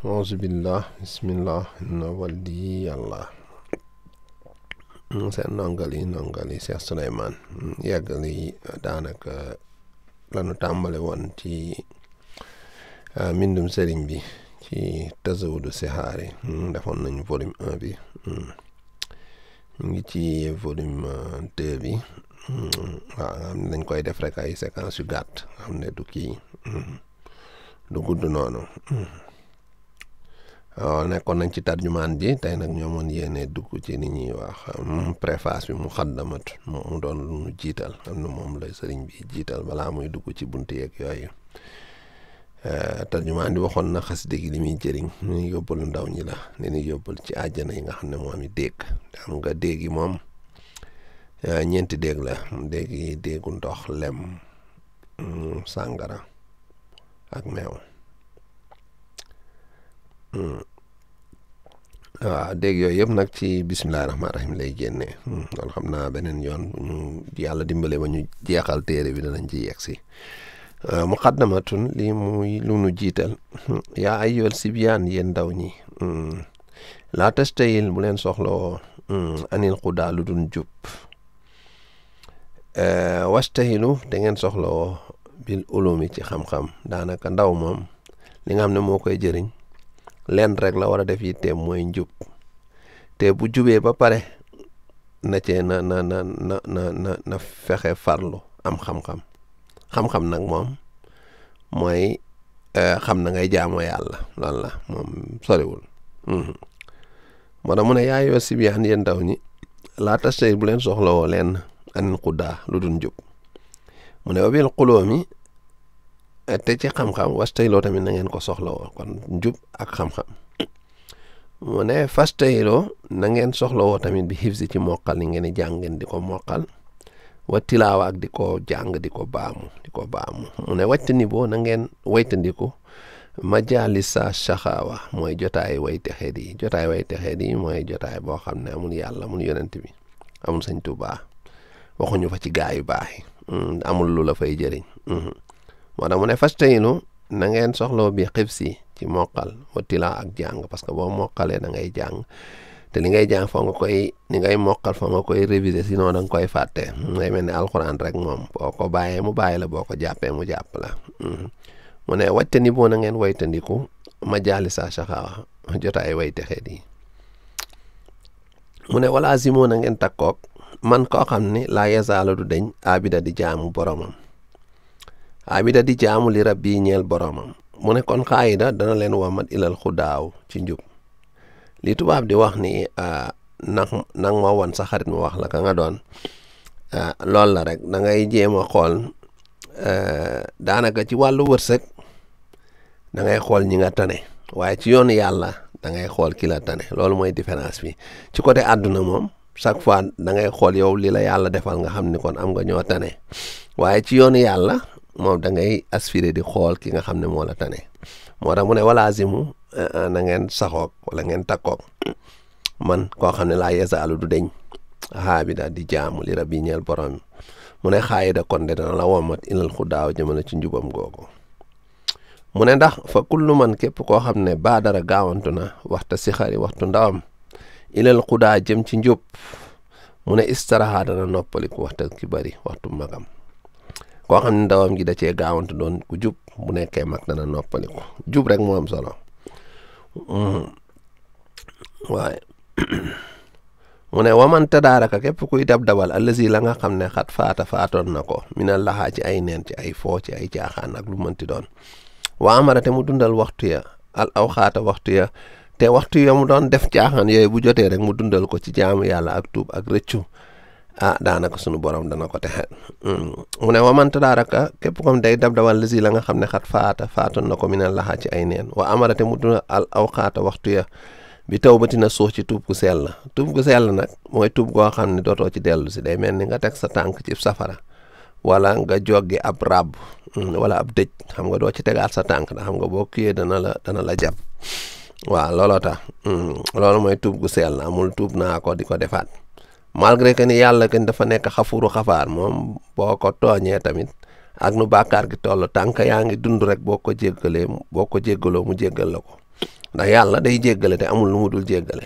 auzubillah bismillah na waldi yàlla seen ndongal yi ndongal yi Cheikh Souleymane yàggali daanaka lanu tàmbale woon ci ah, mbindum seriñ bi ci tasawudu sixaar yi defoon nañu volume un bi mu ngi ci volume ah, deux bi waaw nga xam ne dañ koy def rek ay yu gàtt nga du gudd noonu Euh, nekkoon nañ ci tarjumaan ji tey nag ñoomoon mën yéene dugg ci ni ñuy wax mm, préface bi mu xaddamat mu doon lu mu jiital am na moom la sëriñ bi jiital balaa muy dugg ci bunt yeeg yooyu euh, tarjumaan di waxoon na xas dégg li muy jëriñ ni ñuy yóbbalu ndaw ñi la ni ñuy yóbbal ci àjjana yi nga xam ne moom i déeg am nga déegi moom euh, ñeenti déeg la déegi déegu ndox lem mm, sàngara ak meew waaw hmm. ah, dégg yooyu yëpp nag ci bisimilah rahmaani rahim lay génnee hmm, loolu xam naa beneen yoon bu ñu yàlla dimbale ba ñu jeexal téere bi danañ ci yegg si ah, muqaddamatun lii muy lu nu jiital hmm, yaa ayyuhal sibyaan yéen ndaw ñi laa tastayil bu leen soxloo anil xudaa lu dul jub eh, wastahilu da ngeen soxloo bil ulumi ci xam-xam daanaka ndaw moom li nga xam ne moo koy jëriñ leen rek la war a def yitteem mooy njub te bu jubee ba pare na cee na na na na na na fexe farlu am xam-xam xam-xam nag moom mooy eh, xam na ngay jaamoo yàlla loolu la moom soriwul mhm. moo tax mu ne yaayoo si bi yaan yéen ndaw ñi laata sey bu leen soxlawoo leen anin xuddaa lu dul njub mu ne wabil te ci xam-xam wastayloo tamit na ngeen ko soxlawoo kon njub ak xam-xam mu ne fastayloo na ngeen woo tamit bi xifsi ci mokkal li ngeen di jàng ngeen di ko mokkal wa ak di ko jàng di ko baamu di ko baamu mu ne wàcc ni boo na ngeen waytandiku majalisa saxaawa mooy jotaay way texe di jotaay way texeet mooy jotaay boo xam ne amul yàlla amul yonent bi amul sëñ Tuubaa waxuñu fa ci gaay yu baax yi mm, amul lu la fay jëriñ mm-hmm. moo tax mu ne fastayinu na soxloo bi xib si ci mokkal wa tilaa ak jàng parce que boo mokkalee da ngay jàng te li ngay jàng foo nga koy li ngay mokkal foo nga koy réviser sinon da nga koy fàtte ngay mel ne alxuraan rek moom boo ko bàyyee mu bàyyi la boo ko jàppee mu jàpp la hmm. mu ne wàccani boo na ngeen waytandiku ma jaali saa saxaawa jotaay wayte xeet yi mu ne wala simoo na ngeen kook man koo xam ni laa yasaalu du deñ abida di jaamu boromam abida di jaamu li rabbi ñeel boroomam mu ne kon xaayida dana leen wamat ilal daaw ci njub li tubaab di wax ni ah, nag nag ma won sa xarit mu wax la ka nga doon ah, loolu la rek da ngay jéem a xool eh, daanaka ci wàllu wërsëg da ngay xool ñi nga tane waaye ci yoonu yàlla da ngay xool ki la tane loolu mooy différence bi ci côté àdduna moom chaque fois da ngay xool yow li la yàlla defal nga xam ni kon am nga ñoo tane waaye ci yoonu yàlla moom dangay ngay di xool ki nga xam ne moo la tane moo tax mu ne walaazimu eh, eh, na ngeen saxoog wala ngeen takkoog man koo xam ne laa yesaalu du deñ xaa bi daal di jaamu li rab yi ñeel mu ne xaayi da kon de dana la womat ilal xudaaw jamono ci njubam googu mu ne ndax fa kullu man képp koo xam ne baa dara gaawantu na waxta si xari waxtu ndawam ilal xudaa jëm ci njub mu ne istaraha dana noppaliku waxta ki bari waxtu magam koo xam ne ndawam gi da cee gaawantu doon ku jub bu nekkee mag dana noppaliku jub rek moo am solo mm-hmm. waaye mu ne wamanta tadaaraka képp kuy dab dabal allazi la nga xam ne xat faata faatoon na ko minal laxaa ci ay neen ci ay foo ci ay caaxaan ak lu mënti doon wa amara te mu dundal waxtu ya al aw xaata waxtu ya te waxtu ya mu doon def caaxaan yé bu jotee rek mu dundal ko ci jaamu yàlla ak tuub ak rëccu ah daanaka sunu borom dana ko texe mm. mu ne wa man tadaraka képp day dab dawal la nga xam ne xat faata faatoon na ko minal laxaa ci ay neen wa amarate mu duna al awqaata waxtu ya bi taw ba tina suux ci tuub gu sell la tuub gu sell nag mooy tuub goo xam ne dootoo ci dellu si day mel ni nga teg sa tànk ci safara wala nga joggi ab rab mm, wala ab dëj xam nga doo ci tegaat sa tànk ndax xam nga boo kiyee dana la dana la jàpp waaw mm. mooy tuub gu sell la amul tuub naa ko di ko defaat malgré que ni yàlla kenn dafa nekk xafuru xafaar moom boo ko tooñee tamit ak nu bàkkaar gi toll tànk yaa ngi dund rek boo ko jéggalee boo ko jéggaloo mu jéggal la ko ndax yàlla day jéggale te amul lu mu dul jéggale